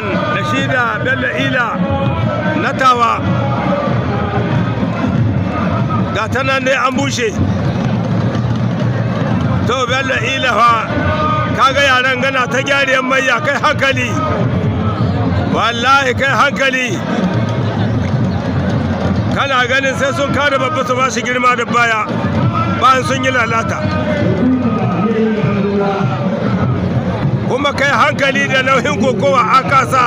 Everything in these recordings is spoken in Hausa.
mamman da shi da bello ila na tawa ga ta nan an bushe to bello ila fa kaga yaran gana ta gyariyar maiya kai hankali wallahi kai hankali kana ganin sai sun kada babba su ba shi girma da baya bayan sun yi lalata kuma kai hankali da nauyin kokowa a kasa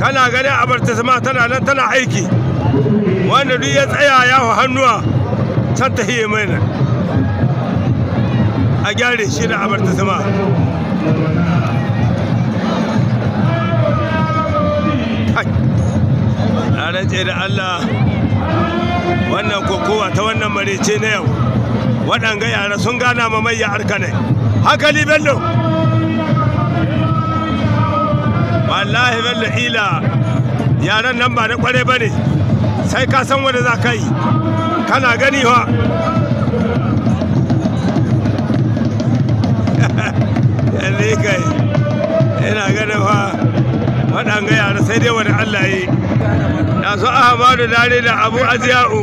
kana ganin abartisma tana nan tana aiki wanda duk ya tsaya yawo hannuwa can ta hiye mai nan a gyare shi da abartisma na rantse da allah wannan kokowa ta wannan marice na yau waɗanga yara sun gana mamayya ne hankali bello wallahi bello ila yaran nan ba na kware ba ne sai ka san wanda za ka yi kana gani wa yalle kai yana ganin fa waɗanga yara sai dai wani allah yi na so ahmadu dare da abu aziya'u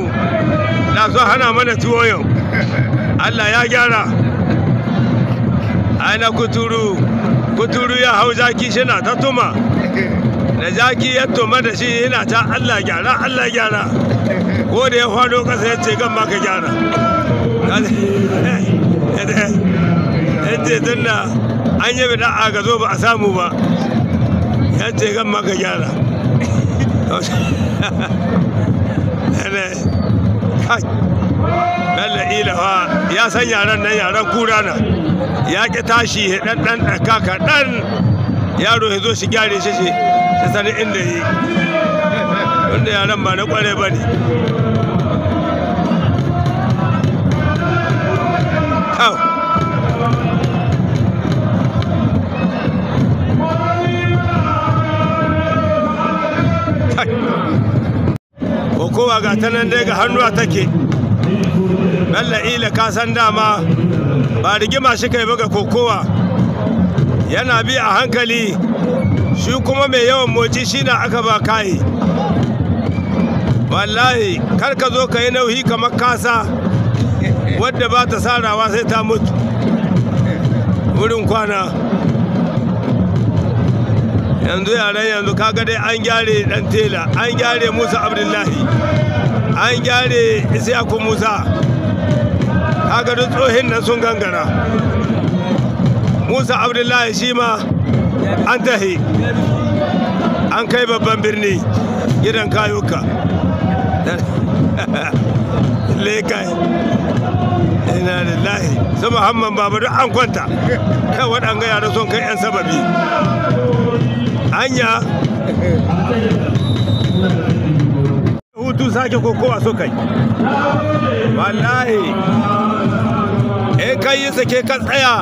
na so hana mana tuwo yau allah ya gyara aina kuturu kuturu ya hau zaki shi na ta tuma da zaki ya tuma da shi yana ta Allah gyara Allah gyara ko da ya fado kasa ya ce gan maka gyara eh, eh, ya ce tunda an yi bida a gazo ba a samu ba ya ce gan maka gyara bella Ilawa ya san yaran nan yaran kura na ya ki tashi dan dan ɗan kaka yaro ya zo shi gyare shi shi shi sani inda yi wanda yaran ba na kware ba ne kowa ga ta nan dai ga hannuwa take balla ila ka dama ba rigima shi kai ba ga kokowa yana bi a hankali shi kuma mai yawan moci shi na aka ba kayi wallahi kar ka zo ka yi nauyi kamar kasa wadda ba ta sarawa sai ta mutu wurin kwana yanzu yaren yanzu kaga dai an gyare dan tela an gyare musa abdullahi an gyare isiyaku musa kaga duk tsohin nan sun gangara musa abdullahi shi ma an tahi an kai babban birni gidan kayuka lekai ina lillahi su muhamman babu duk an kwanta kai waɗanga yara son kai 'yan sababi anya hutu sake kokowa so kai wallahi ka sa ke ka tsaya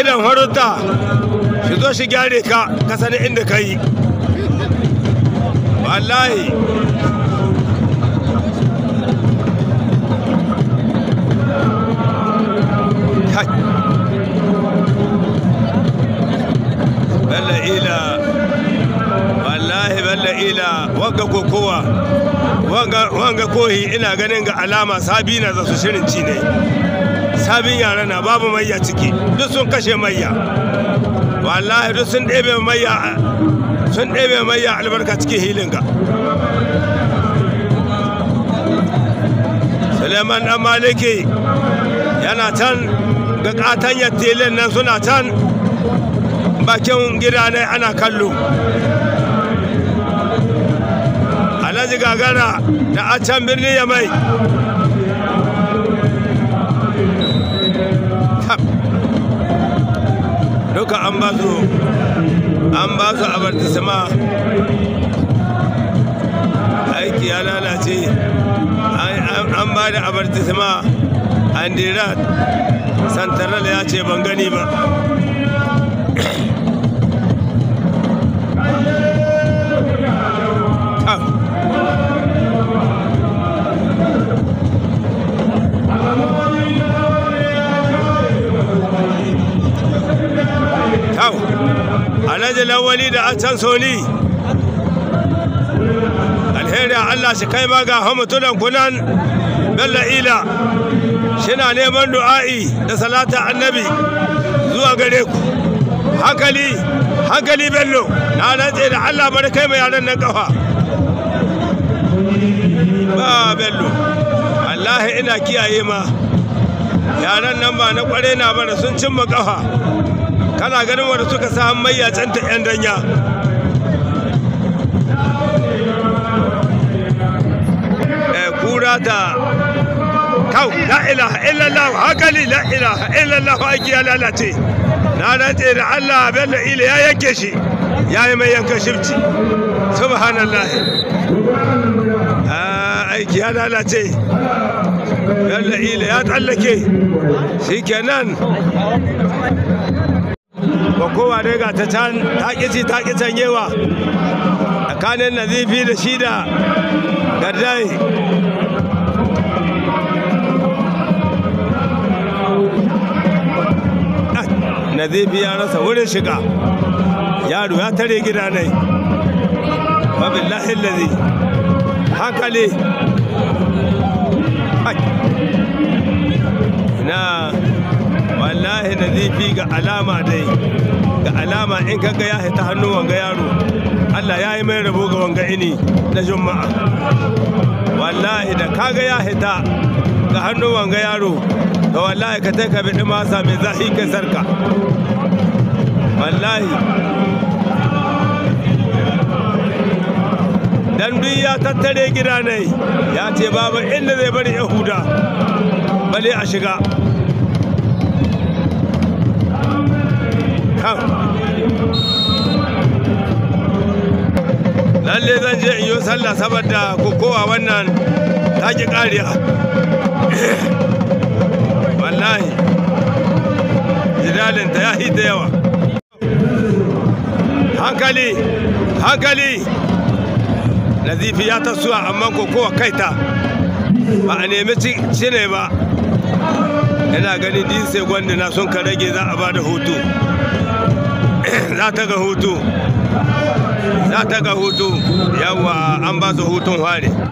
idan harunta shi zo shi gyare ka ka sani inda ka yi wallahi balla ila wallahi balla ila wanga kokowa wanga kohi ina ganin ga alama sabina za su shirin ci ne sabin yara na babu mayya ciki duk sun kashe mayya wallahi duk sun ɗebe mayya sun ɗebe mayya albarka cikin hilinka suleiman dan maliki yana can ga katon yattilin nan suna can bakin gida ne ana kallo alhaji gagara da a can birni ya mai duka an ba su an ba su abartisama aiki ya lalace an ba da abartisama andirat santaral ya ce ban gani ba alhaji lawali da acan soli alheri allah shi kai ma ga hamutunan kunan bello ila shina neman du'a'i da salata annabi zuwa gare ku hankali hankali bello na rantse da allah bari kai mai yaran nan kafa ba bello wallahi ina kiyaye ma yaran nan ba na kware na bara sun cimma kafa kana ganin wanda suka sa mayya canta yan danya eh, kura ta kau la ilaha illallah hakali la ilaha illallah aiki ya lalace na rantse da Allah bello ila ya yanke shi ya yi mai yanka shifci subhanallah ah, aiki ya lalace bello ila ya tsallake shi kenan ba kowa dai ga ta can ta kici ta tsakanin nazifi da shi da gardai ah, nazifi ya rasa wurin shiga yaro ya tare gida ne babin lazi hankali yi nazifi ga alama dai ga alama in kaga ya ta hannu wanga yaro Allah ya yi mai rabo ga wanga ini na juma'a wallahi da kaga ya hita ga hannu wanga yaro ga wallahi ka ta ka biɗi masa mai zahi ka sarka wallahi dan duk ya tattare gidanai ya ce babu inda zai bari yahuda bale a shiga kan lalle zan je in yi sallah saboda kokowa wannan ta ki kariya wallahi jidalinta ya yi da yawa hankali hankali nazifi ya tasowa amma kokowa kaita ba a nemi cine ba yana ganin sai gwanda na sun ka rage za a ba da hutu za ta ga hutu za ta ga hutu yawa an ba su hutun ware